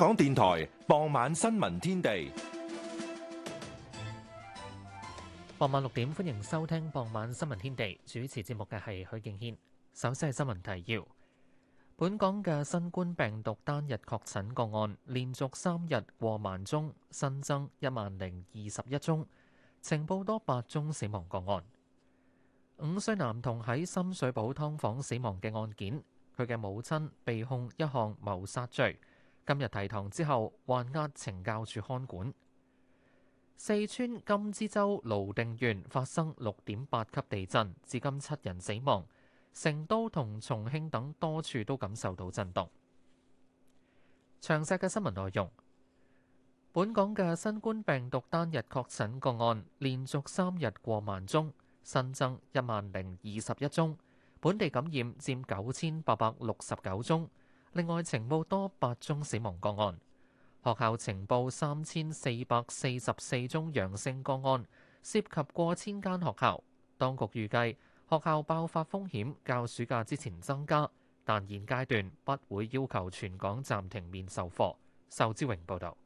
香港電台傍晚新聞天地，傍晚六點，歡迎收聽傍晚新聞天地。主持節目嘅係許敬軒。首先係新聞提要：本港嘅新冠病毒單日確診個案連續三日過萬宗，新增一萬零二十一宗，情報多八宗死亡個案。五歲男童喺深水埗劏房死亡嘅案件，佢嘅母親被控一項謀殺罪。今日提堂之後，還押懲教署看管。四川甘孜州瀘定縣發生六點八級地震，至今七人死亡。成都同重慶等多處都感受到震動。詳細嘅新聞內容：本港嘅新冠病毒單日確診個案連續三日過萬宗，新增一萬零二十一宗，本地感染佔九千八百六十九宗。另外，呈報多八宗死亡個案，學校呈報三千四百四十四宗陽性個案，涉及過千間學校。當局預計學校爆發風險較暑假之前增加，但現階段不會要求全港暫停面授課。仇志榮報道。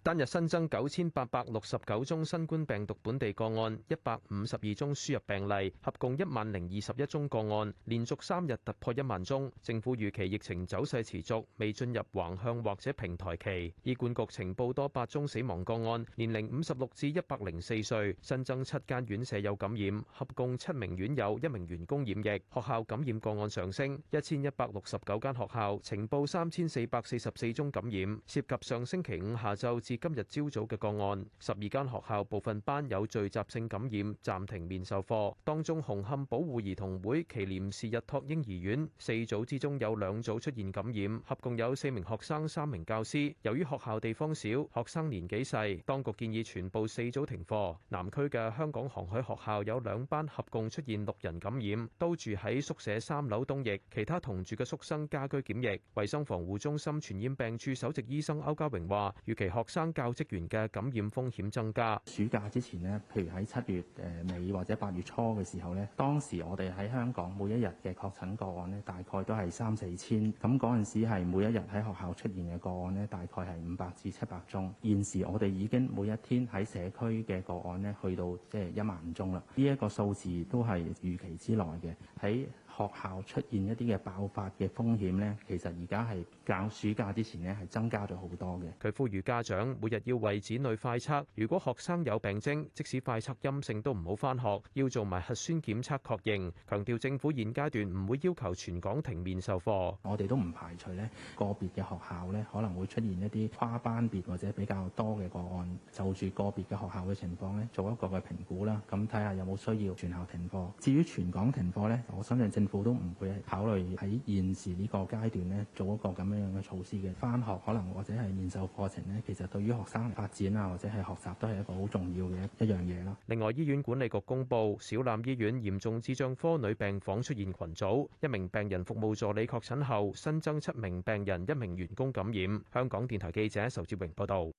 單日新增九千八百六十九宗新冠病毒本地個案，一百五十二宗輸入病例，合共一萬零二十一宗個案，連續三日突破一萬宗。政府預期疫情走勢持續，未進入橫向或者平台期。醫管局呈報多八宗死亡個案，年齡五十六至一百零四歲，新增七間院舍有感染，合共七名院友、一名員工染疫。學校感染個案上升，一千一百六十九間學校呈報三千四百四十四宗感染，涉及上星期五下晝。至今日朝早嘅個案，十二間學校部分班有聚集性感染，暫停面授課。當中紅磡保護兒童會祈廉士日托嬰兒院四組之中有兩組出現感染，合共有四名學生、三名教師。由於學校地方少，學生年紀細，當局建議全部四組停課。南區嘅香港航海學校有兩班合共出現六人感染，都住喺宿舍三樓東翼，其他同住嘅宿生家居檢疫。衞生防護中心傳染病處首席醫生歐家榮話：預期學生。生教職員嘅感染風險增加。暑假之前咧，譬如喺七月誒尾或者八月初嘅時候咧，當時我哋喺香港每一日嘅確診個案咧，大概都係三四千。咁嗰陣時係每一日喺學校出現嘅個案咧，大概係五百至七百宗。現時我哋已經每一天喺社區嘅個案咧，去到即係一萬五宗啦。呢一個數字都係預期之內嘅。喺學校出現一啲嘅爆發嘅風險咧，其實而家係。較暑假之前呢，係增加咗好多嘅。佢呼籲家長每日要為子女快測，如果學生有病徵，即使快測陰性都唔好翻學，要做埋核酸檢測確認，強調政府現階段唔會要求全港停面授課。我哋都唔排除呢個別嘅學校呢可能會出現一啲跨班別或者比較多嘅個案，就住個別嘅學校嘅情況呢做一個嘅評估啦，咁睇下有冇需要全校停課。至於全港停課呢，我相信政府都唔會考慮喺現時呢個階段呢做一個咁樣樣嘅措施嘅。翻學可能或者係面授課程咧，其實對於學生發展啊，或者係學習都係一個好重要嘅一樣嘢啦。另外，醫院管理局公布，小欖醫院嚴重智障科女病房出現群組，一名病人服務助理確診後，新增七名病人，一名員工感染。香港電台記者仇志榮報道。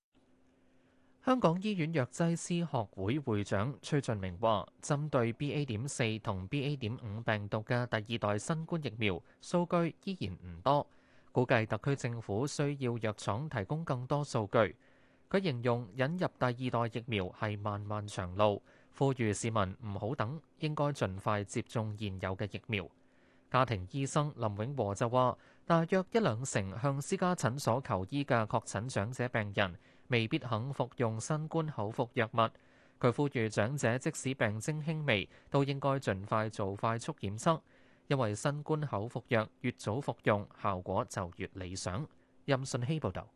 香港醫院藥劑師學會會長崔俊明話，針對 BA 點四同 BA 點五病毒嘅第二代新冠疫苗，數據依然唔多。估計特區政府需要藥廠提供更多數據。佢形容引入第二代疫苗係漫漫長路，呼籲市民唔好等，應該盡快接種現有嘅疫苗。家庭醫生林永和就話，大約一兩成向私家診所求醫嘅確診長者病人未必肯服用新冠口服藥物。佢呼籲長者即使病徵輕微，都應該盡快做快速檢測。因為新冠口服藥越早服用效果就越理想。任信希報導，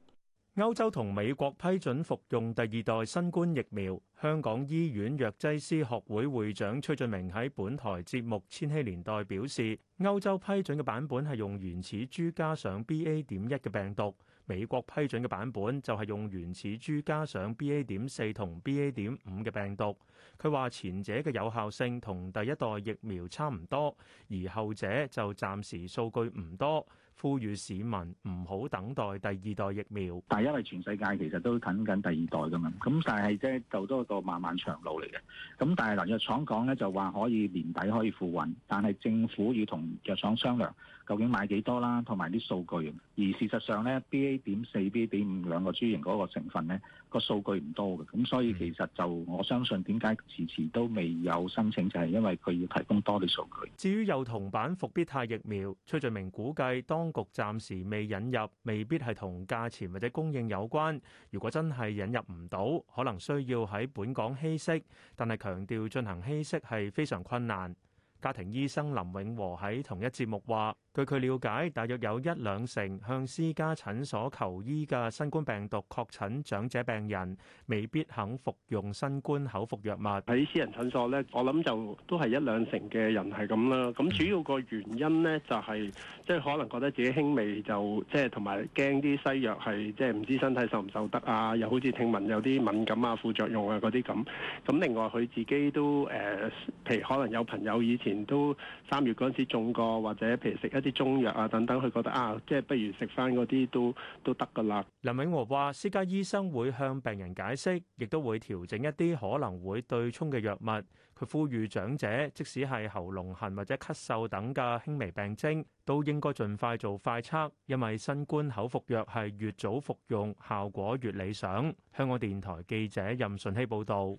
歐洲同美國批准服用第二代新冠疫苗。香港醫院藥劑師學會會長崔俊明喺本台節目《千禧年代》表示，歐洲批准嘅版本係用原始株加上 BA 點一嘅病毒。美國批准嘅版本就係用原始株加上 BA.4 同 BA.5 嘅病毒。佢話前者嘅有效性同第一代疫苗差唔多，而後者就暫時數據唔多。呼籲市民唔好等待第二代疫苗。但係因為全世界其實都等緊第二代㗎嘛，咁但係即係走多個漫漫長路嚟嘅。咁但係藥廠講咧就話可以年底可以付運，但係政府要同藥廠商量。究竟買幾多啦？同埋啲數據，而事實上呢，BA 點四、BA 點五兩個株型嗰個成分，呢個數據唔多嘅，咁所以其實就我相信點解遲遲都未有申請，就係因為佢要提供多啲數據。至於幼童版復必泰疫苗，崔俊明估計當局暫時未引入，未必係同價錢或者供應有關。如果真係引入唔到，可能需要喺本港稀釋，但係強調進行稀釋係非常困難。家庭醫生林永和喺同一節目話。據佢了解，大約有一兩成向私家診所求醫嘅新冠病毒確診長者病人，未必肯服用新冠口服藥物。喺私人診所咧，我諗就都係一兩成嘅人係咁啦。咁主要個原因咧，就係即係可能覺得自己輕微，就即係同埋驚啲西藥係即係唔知身體受唔受得啊。又好似聽聞有啲敏感啊、副作用啊嗰啲咁。咁另外佢自己都誒，譬如可能有朋友以前都三月嗰陣時中過，或者譬如食一。啲中藥啊等等，佢覺得啊，即係不如食翻嗰啲都都得㗎喇。林永和話：私家醫生會向病人解釋，亦都會調整一啲可能會對沖嘅藥物。佢呼籲長者，即使係喉嚨痕或者咳嗽等嘅輕微病徵，都應該盡快做快測，因為新冠口服藥係越早服用，效果越理想。香港電台記者任順希報導。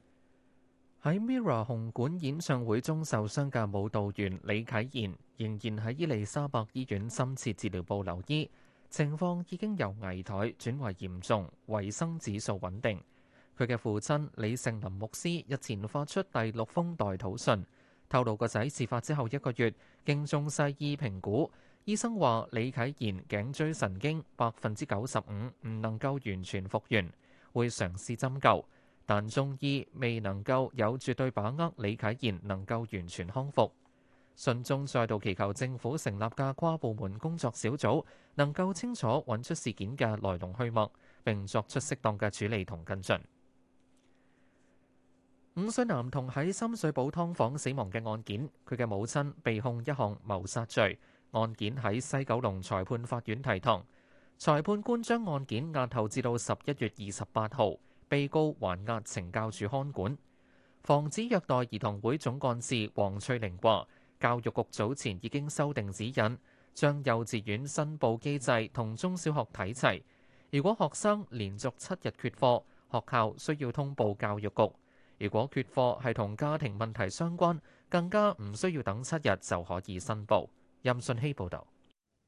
喺 Mirror 紅館演唱會中受傷嘅舞蹈員李啟言，仍然喺伊利沙伯醫院深切治療部留醫，情況已經由危殆轉為嚴重，維生指數穩定。佢嘅父親李盛林牧師日前發出第六封代禱信，透露個仔事發之後一個月，經中西醫評估，醫生話李啟言頸椎神經百分之九十五唔能夠完全復原，會嘗試針灸。但中醫未能夠有絕對把握，李啟賢能夠完全康復。信眾再度祈求政府成立嘅跨部門工作小組，能夠清楚揾出事件嘅來龍去脈，並作出適當嘅處理同跟進。五歲男童喺深水埗劏房死亡嘅案件，佢嘅母親被控一項謀殺罪，案件喺西九龍裁判法院提堂，裁判官將案件押後至到十一月二十八號。被告還押，懲教署看管。防止虐待兒童會總幹事黃翠玲話教育局早前已經修訂指引，將幼稚園申報機制同中小學睇齊。如果學生連續七日缺課，學校需要通報教育局。如果缺課係同家庭問題相關，更加唔需要等七日就可以申報。任信希報道。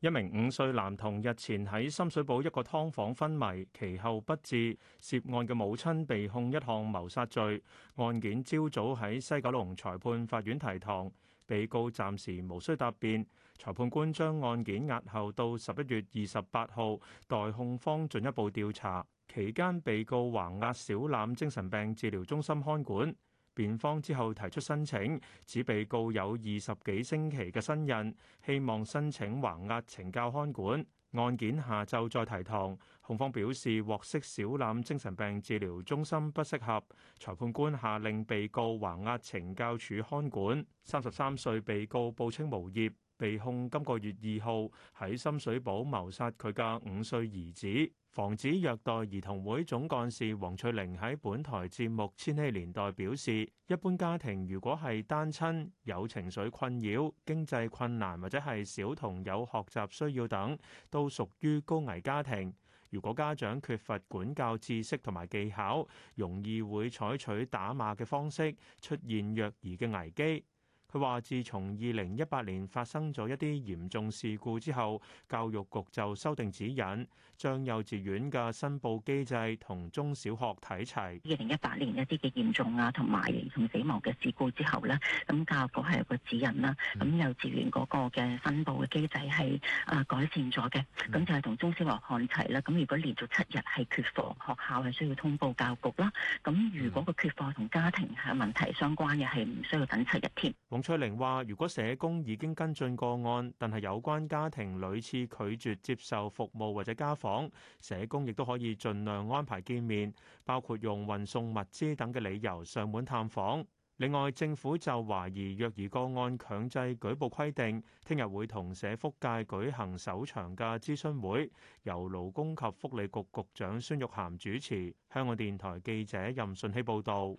一名五歲男童日前喺深水埗一個劏房昏迷，其後不治。涉案嘅母親被控一項謀殺罪，案件朝早喺西九龍裁判法院提堂，被告暫時無需答辯。裁判官將案件押後到十一月二十八號，待控方進一步調查期間，被告橫押小欖精神病治療中心看管。辯方之後提出申請，指被告有二十幾星期嘅身孕，希望申請還押懲教看管。案件下晝再提堂，控方表示獲悉小欖精神病治療中心不適合，裁判官下令被告還押懲教署看管。三十三歲被告報稱無業。被控今個月二號喺深水埗謀殺佢嘅五歲兒子。防止虐待兒童會總幹事黃翠玲喺本台節目《千禧年代》表示，一般家庭如果係單親、有情緒困擾、經濟困難或者係小童有學習需要等，都屬於高危家庭。如果家長缺乏管教知識同埋技巧，容易會採取打罵嘅方式，出現虐兒嘅危機。佢話：自從二零一八年發生咗一啲嚴重事故之後，教育局就修訂指引，將幼稚園嘅申報機制同中小學睇齊。二零一八年一啲嘅嚴重啊，同埋兒童死亡嘅事故之後呢，咁教育局係有個指引啦。咁幼稚園嗰個嘅申報嘅機制係啊改善咗嘅。咁就係同中小學看齊啦。咁如果連續七日係缺課，學校係需要通報教育局啦。咁如果個缺課同家庭係問題相關嘅，係唔需要等七日添。董翠玲話，如果社工已經跟進個案，但係有關家庭屢次拒絕接受服務或者家訪，社工亦都可以盡量安排見面，包括用運送物資等嘅理由上門探訪，另外，政府就懷疑虐兒個案強制舉報規定，聽日會同社福界舉行首場嘅諮詢會，由勞工及福利局局，局長孫玉菡主持。香港電台記者任順希報道。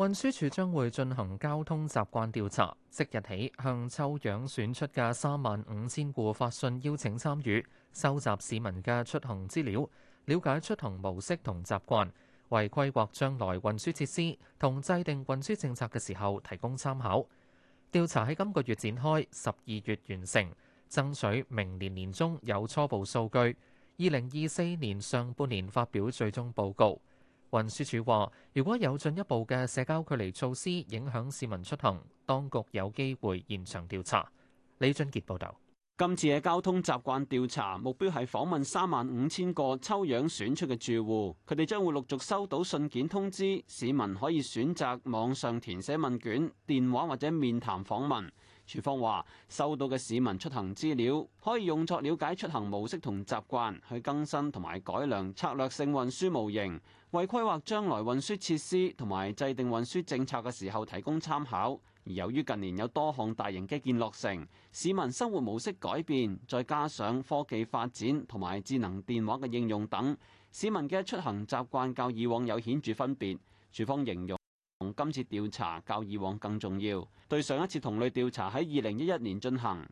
運輸署將會進行交通習慣調查，即日起向抽樣選出嘅三萬五千戶發信邀請參與，收集市民嘅出行資料，了解出行模式同習慣，為規劃將來運輸設施同制定運輸政策嘅時候提供參考。調查喺今個月展開，十二月完成，爭取明年年中有初步數據，二零二四年上半年發表最終報告。運輸署話，如果有進一步嘅社交距離措施影響市民出行，當局有機會延長調查。李俊傑報道。今次嘅交通習慣調查目標係訪問三萬五千個抽樣選出嘅住戶，佢哋將會陸續收到信件通知，市民可以選擇網上填寫問卷、電話或者面談訪問。署方話，收到嘅市民出行資料可以用作了解出行模式同習慣，去更新同埋改良策略性運輸模型。為規劃將來運輸設施同埋制定運輸政策嘅時候提供參考。而由於近年有多項大型基建落成，市民生活模式改變，再加上科技發展同埋智能電話嘅應用等，市民嘅出行習慣較以往有顯著分別。署方形容，同今次調查較以往更重要。對上一次同類調查喺二零一一年進行，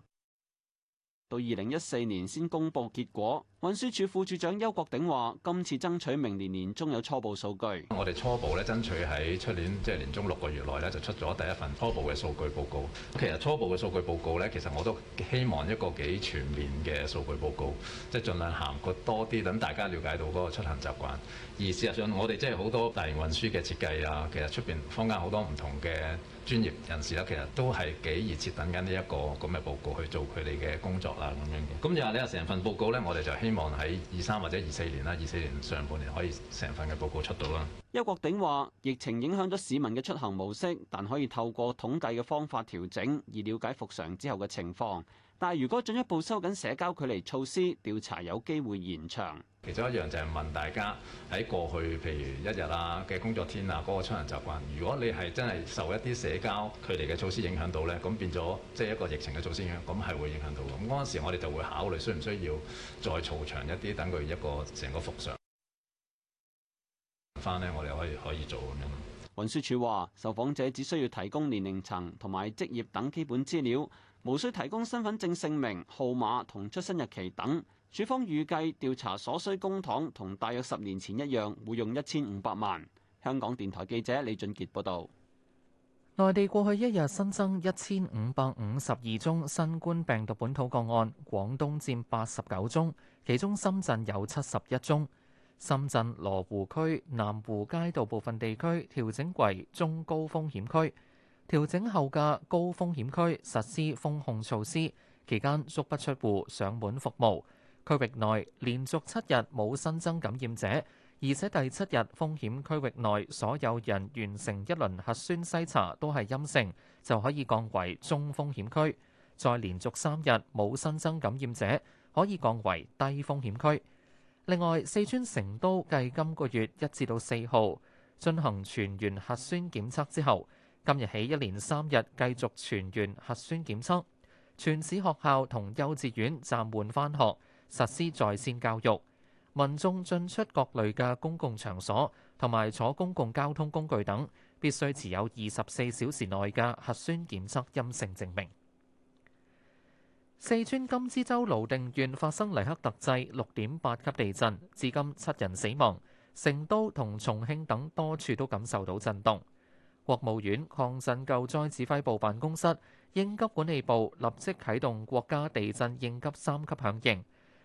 到二零一四年先公佈結果。運輸署副署長邱國鼎話：今次爭取明年年中有初步數據。我哋初步咧，爭取喺出年即係、就是、年中六個月內咧就出咗第一份初步嘅數據報告。其實初步嘅數據報告咧，其實我都希望一個幾全面嘅數據報告，即係盡量涵蓋多啲，等大家了解到嗰個出行習慣。而事實上，我哋即係好多大型運輸嘅設計啊，其實出邊坊間好多唔同嘅專業人士啦，其實都係幾熱切等緊呢一個咁嘅報告去做佢哋嘅工作啦，咁樣嘅。咁就話有成份報告咧，我哋就希希望喺二三或者二四年啦，二四年上半年可以成份嘅報告出到啦。邱國鼎話疫情影響咗市民嘅出行模式，但可以透過統計嘅方法調整，以了解復常之後嘅情況，但係如果進一步收緊社交距離措施，調查有機會延長。其中一樣就係問大家喺過去譬如一日啊嘅工作天啊嗰、那個出行習慣。如果你係真係受一啲社交距離嘅措施影響到咧，咁變咗即係一個疫情嘅措施影響咁，係會影響到咁，嗰陣時，我哋就會考慮需唔需要再嘈長一啲，等佢一個成個復常翻咧，我哋可以可以做咁樣。運輸署話，受訪者只需要提供年齡層同埋職業等基本資料。無需提供身份證姓名、號碼同出生日期等。署方預計調查所需公帑同大約十年前一樣，會用一千五百萬。香港電台記者李俊杰報道。內地過去一日新增一千五百五十二宗新冠病毒本土個案，廣東佔八十九宗，其中深圳有七十一宗。深圳羅湖區南湖街道部分地區調整為中高風險區。調整後嘅高風險區實施封控措施，期間足不出戶，上門服務區域內連續七日冇新增感染者，而且第七日風險區域內所有人完成一輪核酸篩查都係陰性，就可以降為中風險區。再連續三日冇新增感染者，可以降為低風險區。另外，四川成都繼今個月一至到四號進行全員核酸檢測之後，今日起一連三日繼續全員核酸檢測，全市學校同幼稚園暫緩返學，實施在線教育。民眾進出各類嘅公共場所同埋坐公共交通工具等，必須持有二十四小時內嘅核酸檢測陰性證明。四川甘孜州瀘定縣發生黎克特制六點八級地震，至今七人死亡。成都同重慶等多處都感受到震動。國務院抗震救災指揮部辦公室，應急管理部立即啟動國家地震應急三級響應，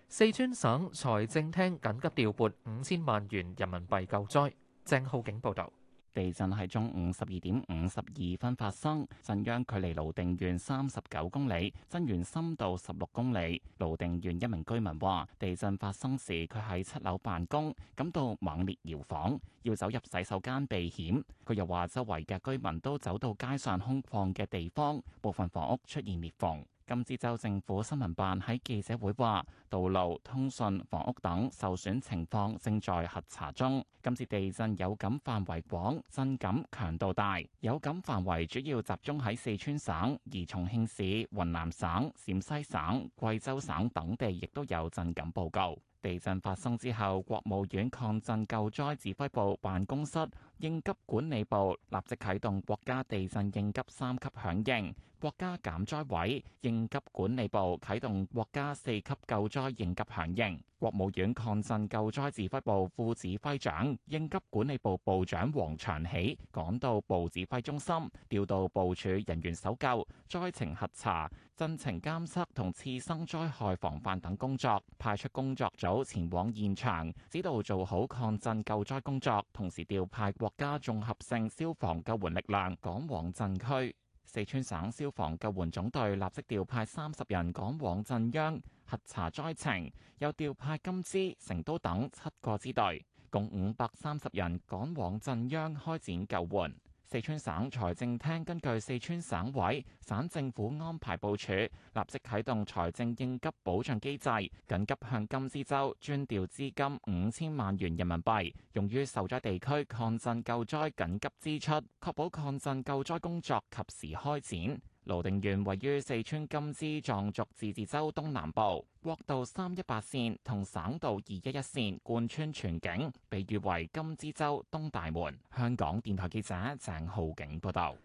四川省財政廳緊急調撥五千萬元人民幣救災。鄭浩景報導。地震喺中午十二點五十二分發生，震央距離瀘定縣三十九公里，震源深度十六公里。瀘定縣一名居民話：地震發生時，佢喺七樓辦公，感到猛烈搖晃，要走入洗手間避險。佢又話，周圍嘅居民都走到街上空曠嘅地方，部分房屋出現裂縫。甘孜州政府新聞辦喺記者會話，道路、通訊、房屋等受損情況正在核查中。今次地震有感範圍廣，震感強度大，有感範圍主要集中喺四川省，而重慶市、雲南省、陝西省、貴州省等地亦都有震感報告。地震發生之後，國務院抗震救災指揮部辦公室應急管理部立即啟動國家地震應急三級響應，國家減災委應急管理部啟動國家四級救災應急響應。國務院抗震救災指揮部副指揮長、應急管理部部長王長喜趕到部指揮中心，調到部署人員搜救災情核查。震情監測同次生災害防範等工作，派出工作組前往現場指導做好抗震救災工作，同時調派國家綜合性消防救援力量趕往震區。四川省消防救援總隊立即調派三十人趕往震央核查災情，又調派甘孜、成都等七個支隊，共五百三十人趕往震央開展救援。四川省財政廳根據四川省委、省政府安排部署，立即啟動財政應急保障機制，緊急向甘孜州專調資金五千萬元人民幣，用於受災地區抗震救災緊急支出，確保抗震救災工作及時開展。瀘定縣位於四川甘孜藏族自治州東南部，國道三一八線同省道二一一線貫穿全境，被譽為甘孜州東大門。香港電台記者鄭浩景報道：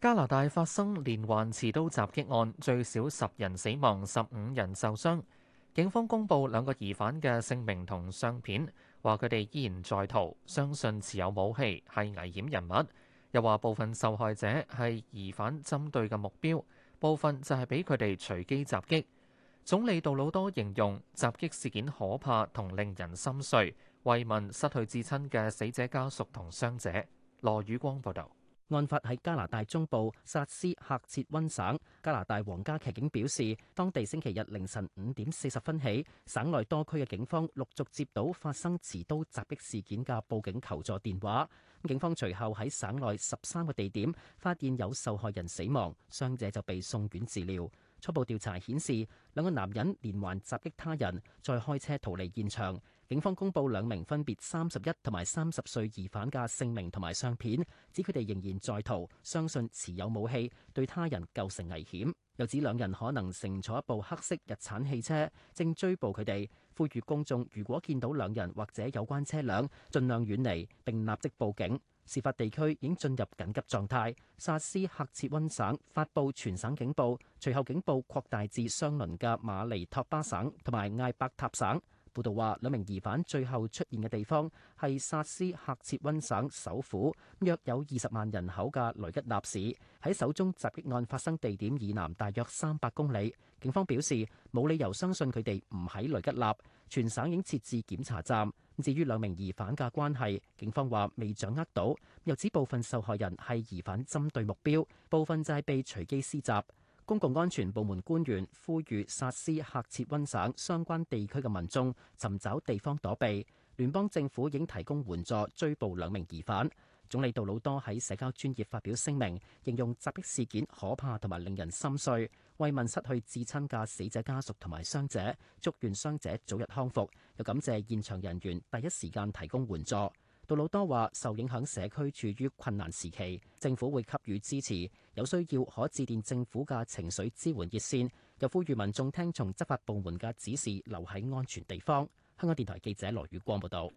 加拿大發生連環持刀襲擊案，最少十人死亡，十五人受傷。警方公布兩個疑犯嘅姓名同相片，話佢哋依然在逃，相信持有武器，係危險人物。又話部分受害者係疑犯針對嘅目標，部分就係俾佢哋隨機襲擊。總理杜魯多形容襲擊事件可怕同令人心碎，慰問失去至親嘅死者家屬同傷者。羅宇光報道，案發喺加拿大中部薩斯喀徹溫省。加拿大皇家騎警表示，當地星期日凌晨五點四十分起，省內多區嘅警方陸續接到發生持刀襲擊事件嘅報警求助電話。警方隨後喺省內十三個地點發現有受害人死亡，傷者就被送院治療。初步調查顯示，兩個男人連環襲擊他人，再開車逃離現場。警方公布兩名分別三十一同埋三十歲疑犯嘅姓名同埋相片，指佢哋仍然在逃，相信持有武器對他人構成危險，又指兩人可能乘坐一部黑色日產汽車，正追捕佢哋。呼籲公眾，如果見到兩人或者有關車輛，盡量遠離，並立即報警。事發地區已經進入緊急狀態，薩斯喀徹溫省發布全省警報，隨後警報擴大至相鄰嘅馬尼托巴省同埋艾伯塔省。報導話，兩名疑犯最後出現嘅地方係薩斯喀徹溫省首府，約有二十萬人口嘅雷吉納市，喺手中襲擊案發生地點以南大約三百公里。警方表示，冇理由相信佢哋唔喺雷吉納。全省已經設置檢查站。至於兩名疑犯嘅關係，警方話未掌握到。又指部分受害人係疑犯針對目標，部分就係被隨機施襲。公共安全部門官員呼籲薩斯喀徹溫省相關地區嘅民眾尋找地方躲避。聯邦政府已經提供援助，追捕兩名疑犯。總理杜魯多喺社交專業發表聲明，形容襲擊事件可怕同埋令人心碎，慰問失去至親嘅死者家屬同埋傷者，祝願傷者早日康復，又感謝現場人員第一時間提供援助。杜魯多話：受影響社區處於困難時期，政府會給予支持，有需要可致電政府嘅情緒支援熱線。又呼籲民眾聽從執法部門嘅指示，留喺安全地方。香港電台記者羅宇光報道。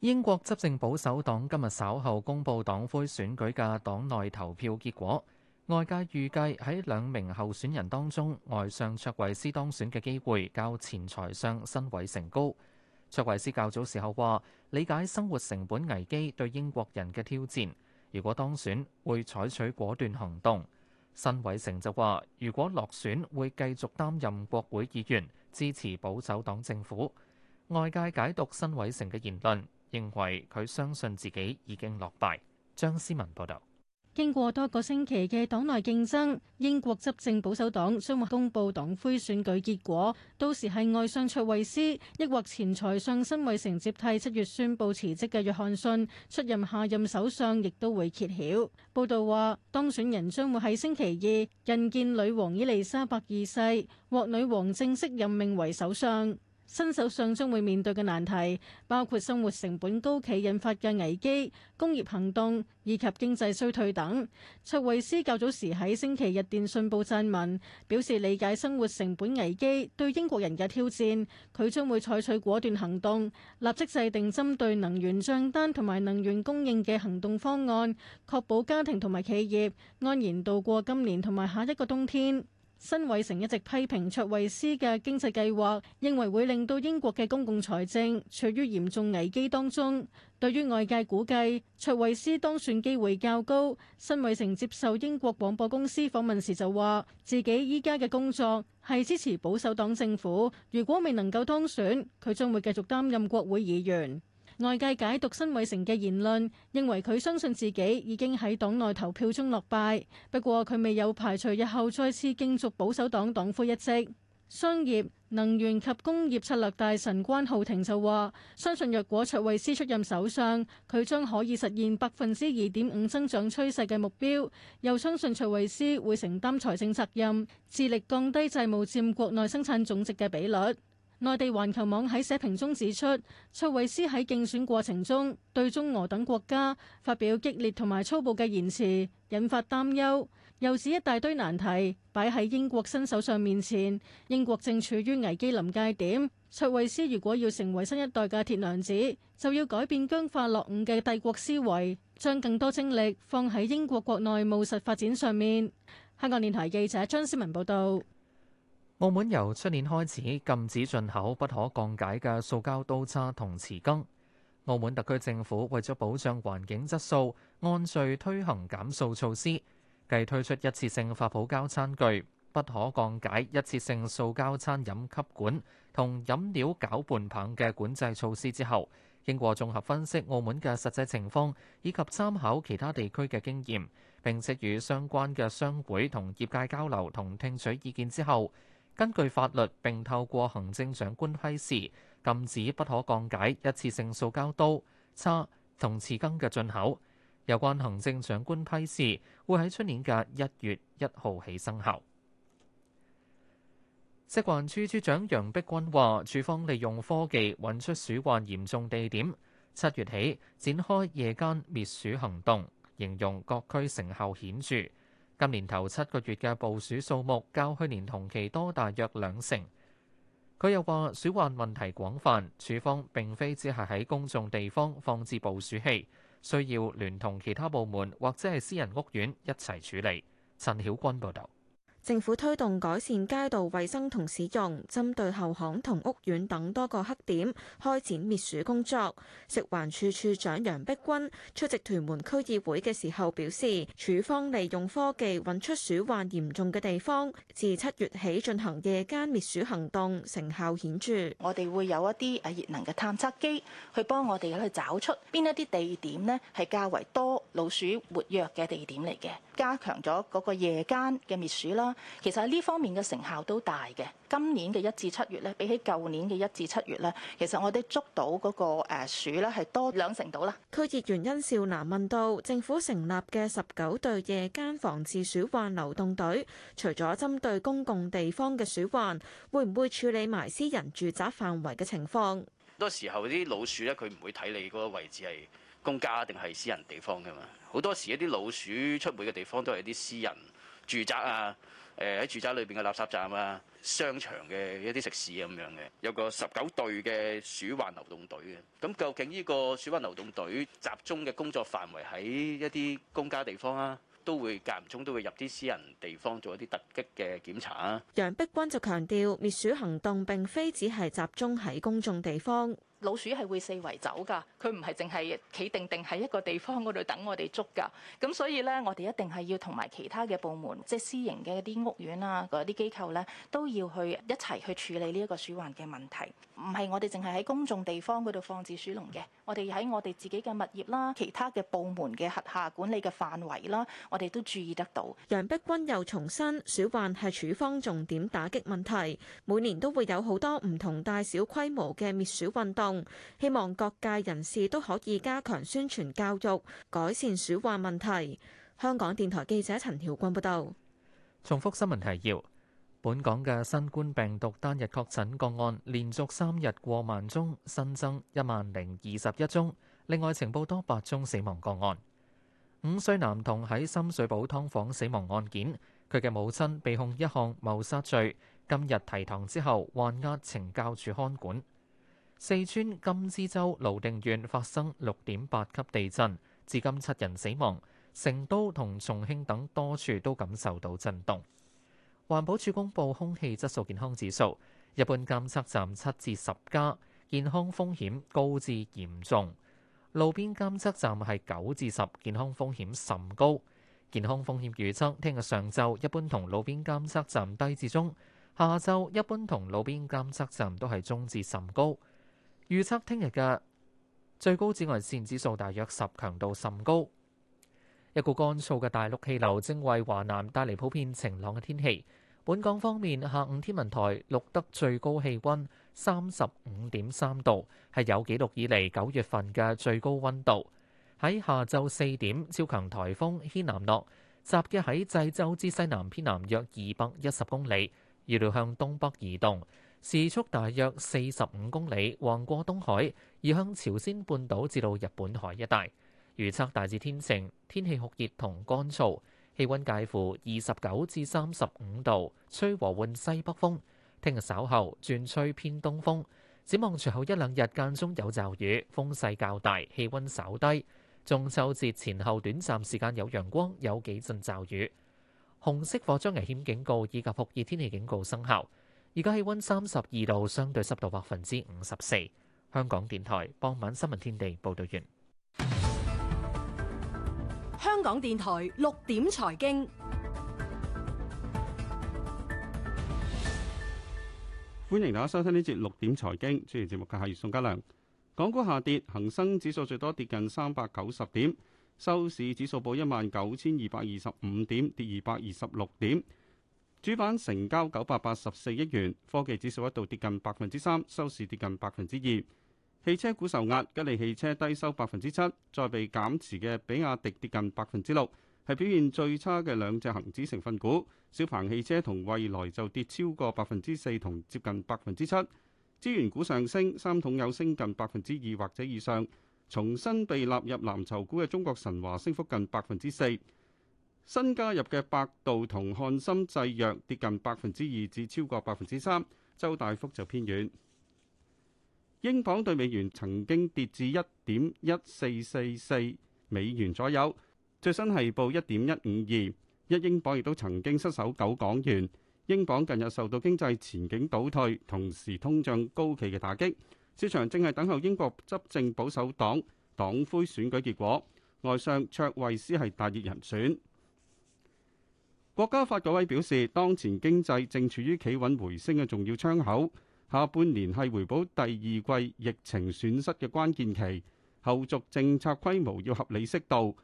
英國執政保守黨今日稍後公佈黨魁選舉嘅黨內投票結果，外界預計喺兩名候選人當中，外相卓慧思當選嘅機會較前財相辛偉誠高。卓慧思較早時候話：理解生活成本危機對英國人嘅挑戰，如果當選會採取果斷行動。辛偉誠就話：如果落選會繼續擔任國會議員，支持保守黨政府。外界解讀辛偉誠嘅言論，認為佢相信自己已經落敗。張思文報道。經過多個星期嘅黨內競爭，英國執政保守黨將會公布黨魁選舉結果。到時係外相卓慧思，抑或前財相辛偉誠接替七月宣布辭職嘅約翰遜出任下任首相，亦都會揭曉。報道話，當選人將會喺星期二覲見女王伊麗莎白二世，獲女王正式任命為首相。新手上將會面對嘅難題，包括生活成本高企引發嘅危機、工業行動以及經濟衰退等。卓慧思較早時喺星期日電訊報撰文，表示理解生活成本危機對英國人嘅挑戰，佢將會採取果斷行動，立即制定針對能源帳單同埋能源供應嘅行動方案，確保家庭同埋企業安然度過今年同埋下一個冬天。辛偉誠一直批評卓慧思嘅經濟計劃，認為會令到英國嘅公共財政處於嚴重危機當中。對於外界估計，卓慧思當選機會較高。辛偉誠接受英國廣播公司訪問時就話，自己依家嘅工作係支持保守黨政府。如果未能夠當選，佢將會繼續擔任國會議員。外界解讀辛偉誠嘅言論，認為佢相信自己已經喺黨內投票中落敗，不過，佢未有排除日後再次競逐保守黨黨魁一職。商業、能源及工業策略大臣關浩庭就話，相信若果卓慧思出任首相，佢將可以實現百分之二點五增長趨勢嘅目標，又相信卓慧思會承擔財政責任，致力降低債務佔國內生產總值嘅比率。內地環球網喺社評中指出，卓慧思喺競選過程中對中俄等國家發表激烈同埋粗暴嘅言辭，引發擔憂。又指一大堆難題擺喺英國新首相面前，英國正處於危機臨界點。卓慧思如果要成為新一代嘅鐵娘子，就要改變僵化落伍嘅帝國思維，將更多精力放喺英國國內務實發展上面。香港電台記者張思文報道。澳門由出年開始禁止進口不可降解嘅塑膠刀叉同匙羹。澳門特區政府為咗保障環境質素，按序推行減塑措施，繼推出一次性發泡膠餐具、不可降解一次性塑膠餐飲吸管同飲料攪拌棒嘅管制措施之後，經過綜合分析澳門嘅實際情況以及參考其他地區嘅經驗，並且與相關嘅商會同業界交流同聽取意見之後。根據法律並透過行政長官批示禁止不可降解一次性塑膠刀叉同匙羹嘅進口。有關行政長官批示會喺出年嘅一月一號起生效。食環署署長楊碧君話，處方利用科技揾出鼠患嚴重地點，七月起展開夜間滅鼠行動，形容各區成效顯著。今年頭七個月嘅捕鼠數目較去年同期多大約兩成。佢又話：鼠患問題廣泛，處方並非只係喺公眾地方放置捕鼠器，需要聯同其他部門或者係私人屋苑一齊處理。陳曉君報道。政府推動改善街道衛生同市容，針對後巷同屋苑等多個黑點開展滅鼠工作。食環署署長楊碧君出席屯門區議會嘅時候表示，署方利用科技揾出鼠患嚴重嘅地方，自七月起進行夜間滅鼠行動成效顯著。我哋會有一啲誒熱能嘅探測機，去幫我哋去找出邊一啲地點呢係較為多老鼠活躍嘅地點嚟嘅，加強咗嗰個夜間嘅滅鼠啦。其實呢方面嘅成效都大嘅。今年嘅一至七月咧，比起舊年嘅一至七月咧，其實我哋捉到嗰個誒鼠咧，係多兩成到啦。區議員殷少南問到：政府成立嘅十九隊夜間防治鼠患流動隊，除咗針對公共地方嘅鼠患，會唔會處理埋私人住宅範圍嘅情況？多時候啲老鼠咧，佢唔會睇你嗰個位置係公家定係私人地方噶嘛。好多時一啲老鼠出沒嘅地方都係一啲私人住宅啊。誒喺住宅裏邊嘅垃圾站啊，商場嘅一啲食肆咁樣嘅，有個十九隊嘅鼠患流動隊嘅。咁、嗯、究竟呢個鼠患流動隊集中嘅工作範圍喺一啲公家地方啊，都會間唔中都會入啲私人地方做一啲突擊嘅檢查啊。楊碧君就強調，滅鼠行動並非只係集中喺公眾地方。老鼠係會四圍走㗎，佢唔係淨係企定定喺一個地方嗰度等我哋捉㗎。咁所以咧，我哋一定係要同埋其他嘅部門，即係私營嘅嗰啲屋苑啊、嗰啲機構咧，都要去一齊去處理呢一個鼠患嘅問題。唔係我哋淨係喺公眾地方嗰度放置鼠籠嘅，我哋喺我哋自己嘅物業啦、其他嘅部門嘅轄下管理嘅範圍啦，我哋都注意得到。楊碧君又重申，鼠患係署方重點打擊問題，每年都會有好多唔同大小規模嘅滅鼠運動。希望各界人士都可以加強宣傳教育，改善鼠患問題。香港電台記者陳曉君報道。重複新聞提要：本港嘅新冠病毒單日確診個案連續三日過萬宗，新增一萬零二十一宗，另外情報多八宗死亡個案。五歲男童喺深水埗劏房死亡案件，佢嘅母親被控一項謀殺罪，今日提堂之後，還押懲教署看管。四川甘孜州瀘定縣發生6.8級地震，至今七人死亡。成都同重慶等多處都感受到震動。環保署公布空氣質素健康指數，一般監測站七至十加，健康風險高至嚴重；路邊監測站係九至十，健康風險甚高。健康風險預測聽日上晝一般同路邊監測站低至中，下晝一般同路邊監測站都係中至甚高。預測聽日嘅最高紫外線指數大約十，強度甚高。一股乾燥嘅大陸氣流正為華南帶嚟普遍晴朗嘅天氣。本港方面，下午天文台錄得最高氣温三十五點三度，係有記錄以嚟九月份嘅最高温度。喺下晝四點，超強颱風軒嵐諾，集結喺濟州之西南偏南約二百一十公里，預料向東北移動。時速大約四十五公里，橫過東海，移向朝鮮半島至到日本海一帶。預測大致天晴，天氣酷熱同乾燥，氣温介乎二十九至三十五度，吹和緩西北風。聽日稍後轉吹偏東風。展望隨後一兩日間中有驟雨，風勢較大，氣温稍低。中秋節前後短暫時間有陽光，有幾陣驟雨。紅色火災危險警告以及酷熱天氣警告生效。而家氣溫三十二度，相對濕度百分之五十四。香港電台傍晚新聞天地報道完。香港電台六點財經，歡迎大家收聽呢節六點財經。主持節目嘅係宋家良。港股下跌，恒生指數最多跌近三百九十點，收市指數報一萬九千二百二十五點，跌二百二十六點。主板成交九百八十四億元，科技指數一度跌近百分之三，收市跌近百分之二。汽車股受壓，吉利汽車低收百分之七，再被減持嘅比亞迪跌近百分之六，係表現最差嘅兩隻恒指成分股。小鵬汽車同蔚來就跌超過百分之四同接近百分之七。資源股上升，三桶油升近百分之二或者以上。重新被納入藍籌股嘅中國神華升幅近百分之四。新加入嘅百度同漢森製藥跌近百分之二至超過百分之三，周大福就偏軟。英鎊兌美元曾經跌至一點一四四四美元左右，最新係報一點一五二一。英鎊亦都曾經失守九港元。英鎊近日受到經濟前景倒退，同時通脹高企嘅打擊，市場正係等候英國執政保守黨黨魁選舉結果，外相卓慧斯係大熱人選。國家發改委表示，當前經濟正處於企穩回升嘅重要窗口，下半年係回補第二季疫情損失嘅關鍵期，後續政策規模要合理適度，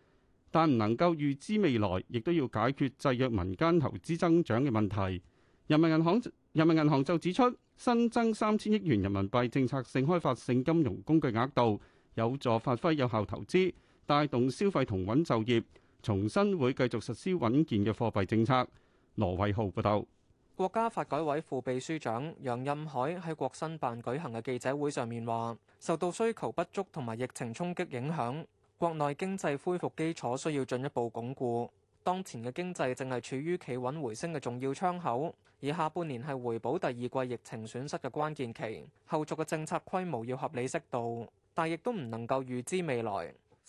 但唔能夠預知未來，亦都要解決制約民間投資增長嘅問題。人民銀行人民銀行就指出，新增三千億元人民幣政策性開發性金融工具額度，有助發揮有效投資，帶動消費同穩就業。重新會繼續實施穩健嘅貨幣政策。羅偉浩報道。國家發改委副秘書長楊任海喺國新辦舉行嘅記者會上面話，受到需求不足同埋疫情衝擊影響，國內經濟恢復基礎需要進一步鞏固。當前嘅經濟正係處於企穩回升嘅重要窗口，而下半年係回補第二季疫情損失嘅關鍵期。後續嘅政策規模要合理適度，但亦都唔能夠預知未來。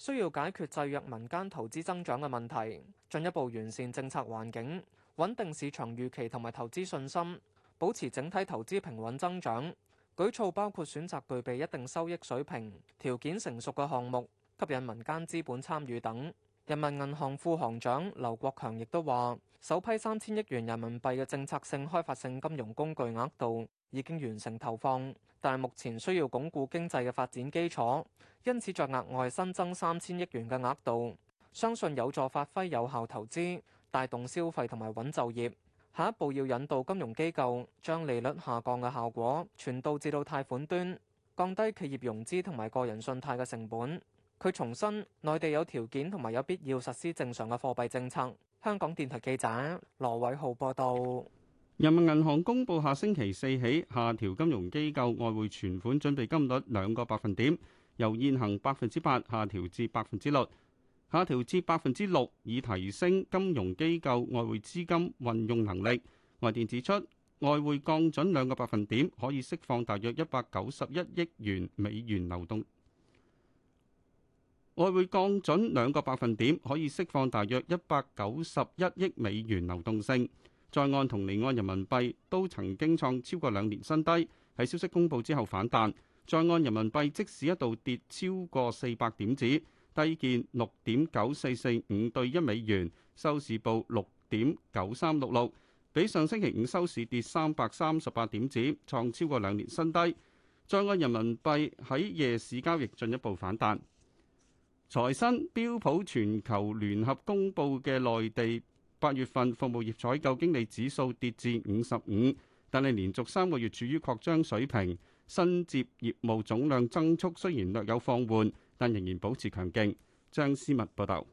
需要解決制約民間投資增長嘅問題，進一步完善政策環境，穩定市場預期同埋投資信心，保持整體投資平穩增長。舉措包括選擇具備一定收益水平、條件成熟嘅項目，吸引民間資本參與等。人民銀行副行長劉國強亦都話，首批三千億元人民幣嘅政策性開發性金融工具額度，已經完成投放，但係目前需要鞏固經濟嘅發展基礎，因此在額外新增三千億元嘅額度，相信有助發揮有效投資，帶動消費同埋穩就業。下一步要引導金融機構將利率下降嘅效果傳導至到貸款端，降低企業融資同埋個人信貸嘅成本。佢重申，內地有條件同埋有必要實施正常嘅貨幣政策。香港電台記者羅偉浩報道。人民銀行公布下星期四起下調金融機構外匯存款準備金率兩個百分點，由現行百分之八下調至百分之六，下調至百分之六以提升金融機構外匯資金運用能力。外電指出，外匯降準兩個百分點可以釋放大約一百九十一億元美元流動。外匯降準兩個百分點可以釋放大約一百九十一億美元流動性。在岸同離岸人民幣都曾經創超過兩年新低，喺消息公布之後反彈。在岸人民幣即市一度跌超過四百點子，低見六點九四四五對一美元，收市報六點九三六六，比上星期五收市跌三百三十八點子，創超過兩年新低。在岸人民幣喺夜市交易進一步反彈，財新、標普全球聯合公布嘅內地。八月份服務業採購經理指數跌至五十五，但係連續三個月處於擴張水平。新接業務總量增速雖然略有放緩，但仍然保持強勁。張思密報道，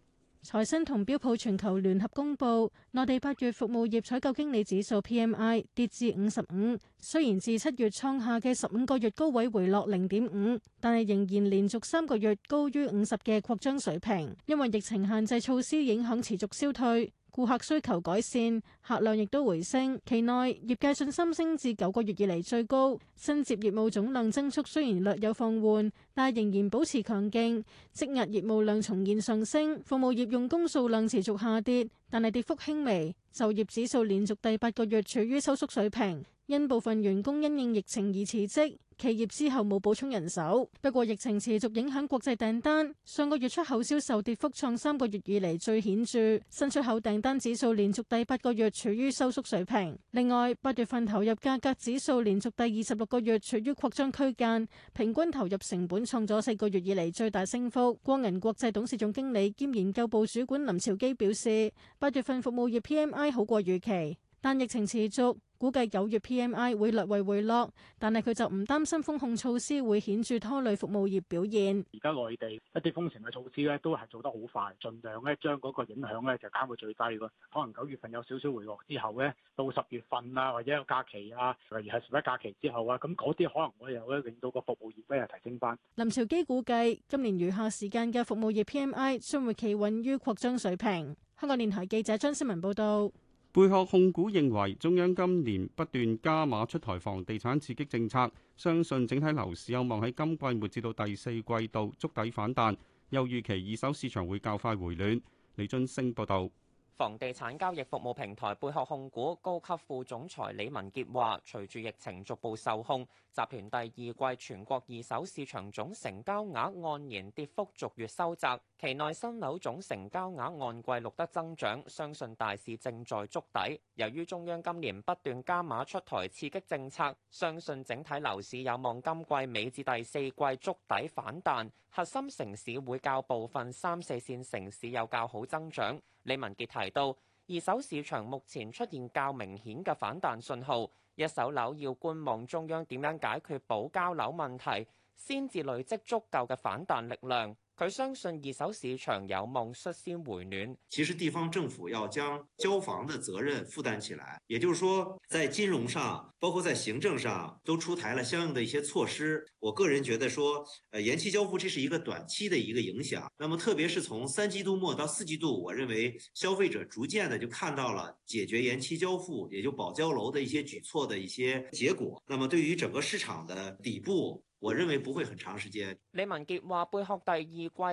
財新同標普全球聯合公布，內地八月服務業採購經理指數 P.M.I 跌至五十五，雖然自七月創下嘅十五個月高位回落零點五，但係仍然連續三個月高於五十嘅擴張水平，因為疫情限制措施影響持續消退。顧客需求改善，客量亦都回升。期內業界信心升至九個月以嚟最高，新接業務總量增速雖然略有放緩，但仍然保持強勁。積壓業務量重現上升，服務業用工數量持續下跌，但係跌幅輕微。就業指數連續第八個月處於收縮水平。因部分員工因應疫情而辭職，企業之後冇補充人手。不過疫情持續影響國際訂單，上個月出口銷售跌幅創三個月以嚟最顯著，新出口訂單指數連續第八個月處於收縮水平。另外八月份投入價格指數連續第二十六個月處於擴張區間，平均投入成本創咗四個月以嚟最大升幅。光銀國際董事總經理兼研究部主管林朝基表示，八月份服務業 PMI 好過預期。但疫情持續，估計九月 PMI 會略為回落，但係佢就唔擔心封控措施會顯著拖累服務業表現。而家內地一啲封城嘅措施咧，都係做得好快，儘量咧將嗰個影響咧就減到最低。可能九月份有少少回落之後咧，到十月份啊，或者有假期啊，例如係十一假期之後啊，咁嗰啲可能會有咧，令到個服務業咧又提升翻。林朝基估計今年餘下時間嘅服務業 PMI 將會企穩於擴張水平。香港電台記者張思文報道。貝殼控股認為，中央今年不斷加碼出台房地產刺激政策，相信整體樓市有望喺今季末至到第四季度築底反彈，又預期二手市場會較快回暖。李俊升報道。房地產交易服務平台貝殼控股高級副總裁李文杰話，隨住疫情逐步受控，集團第二季全國二手市場總成交額按年跌幅逐月收窄，期內新樓總成交額按季錄得增長，相信大市正在築底。由於中央今年不斷加碼出台刺激政策，相信整體樓市有望今季尾至第四季築底反彈，核心城市會較部分三四線城市有較好增長。李文杰提到，二手市場目前出現較明顯嘅反彈信號，一手樓要觀望中央點樣解決保交樓問題先至累積足夠嘅反彈力量。他相信二手市場有望率先回暖。其實地方政府要將交房的責任負擔起來，也就是說，在金融上，包括在行政上，都出台了相應的一些措施。我個人覺得說，呃，延期交付這是一個短期的一個影響。那麼，特別是從三季度末到四季度，我認為消費者逐漸的就看到了解決延期交付，也就保交樓的一些舉措的一些結果。那麼，對於整個市場的底部。我認為不會很長時間。李文杰話：貝殼第二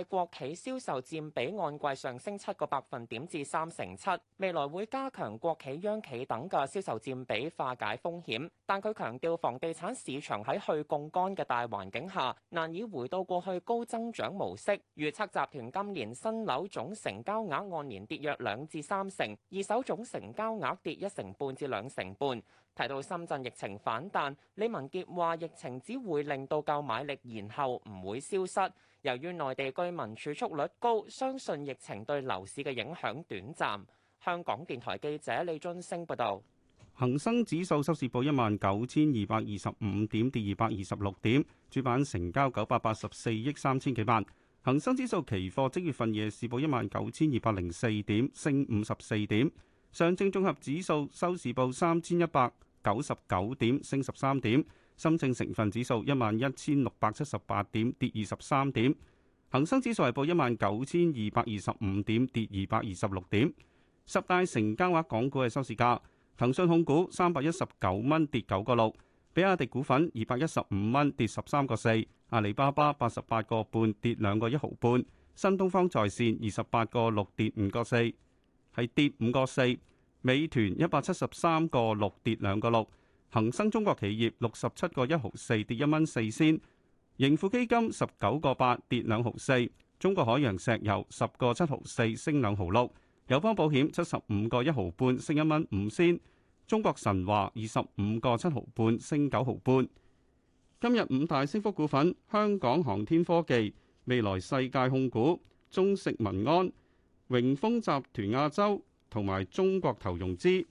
季國企銷售占比按季上升七個百分點至三成七，未來會加強國企、央企等嘅銷售占比化解風險。但佢強調，房地產市場喺去槓桿嘅大環境下，難以回到過去高增長模式。預測集團今年新樓總成交額按年跌約兩至三成，二手總成交額跌一成半至兩成半。提到深圳疫情反彈，李文杰話，疫情只會令到購買力延後，唔會消失。由於內地居民儲蓄率高，相信疫情對樓市嘅影響短暫，香港電台記者李津升報道。恒生指數收市報一萬九千二百二十五點，跌二百二十六點。主板成交九百八十四億三千幾萬。恒生指數期貨即月份夜市報一萬九千二百零四點升五十四點。上證綜合指數收市報三千一百九十九點，升十三點。深證成分指數一萬一千六百七十八點，跌二十三點。恒生指數係報一萬九千二百二十五點，跌二百二十六點。十大成交額港股嘅收市價：騰訊控股三百一十九蚊，跌九個六；比亞迪股份二百一十五蚊，跌十三個四；阿里巴巴八十八個半，跌兩個一毫半；新東方在線二十八個六，跌五個四。係跌五個四，美團一百七十三個六跌兩個六，恒生中國企業六十七個一毫四跌一蚊四仙，盈富基金十九個八跌兩毫四，中國海洋石油十個七毫四升兩毫六，友邦保險七十五個一毫半升一蚊五仙，中國神華二十五個七毫半升九毫半。今日五大升幅股份：香港航天科技、未來世界控股、中食民安。榮豐集團、亞洲同埋中國投融資。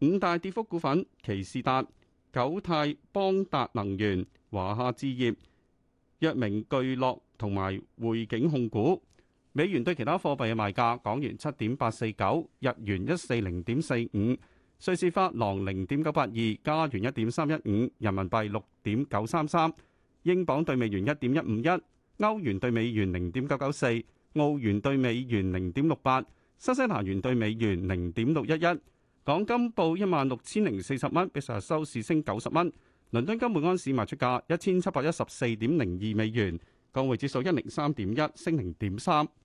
五大跌幅股份：奇士達、九泰邦達能源、華夏置業、藥明巨樂同埋匯景控股。美元對其他貨幣嘅賣價：港元七點八四九，日元一四零點四五，瑞士法郎零點九八二，加元一點三一五，人民幣六點九三三，英鎊對美元一點一五一，歐元對美元零點九九四。澳元兌美元零點六八，新西蘭元兌美元零點六一一。港金報一萬六千零四十蚊，比上日收市升九十蚊。倫敦金每安士賣出價一千七百一十四點零二美元，港匯指數一零三點一，升零點三。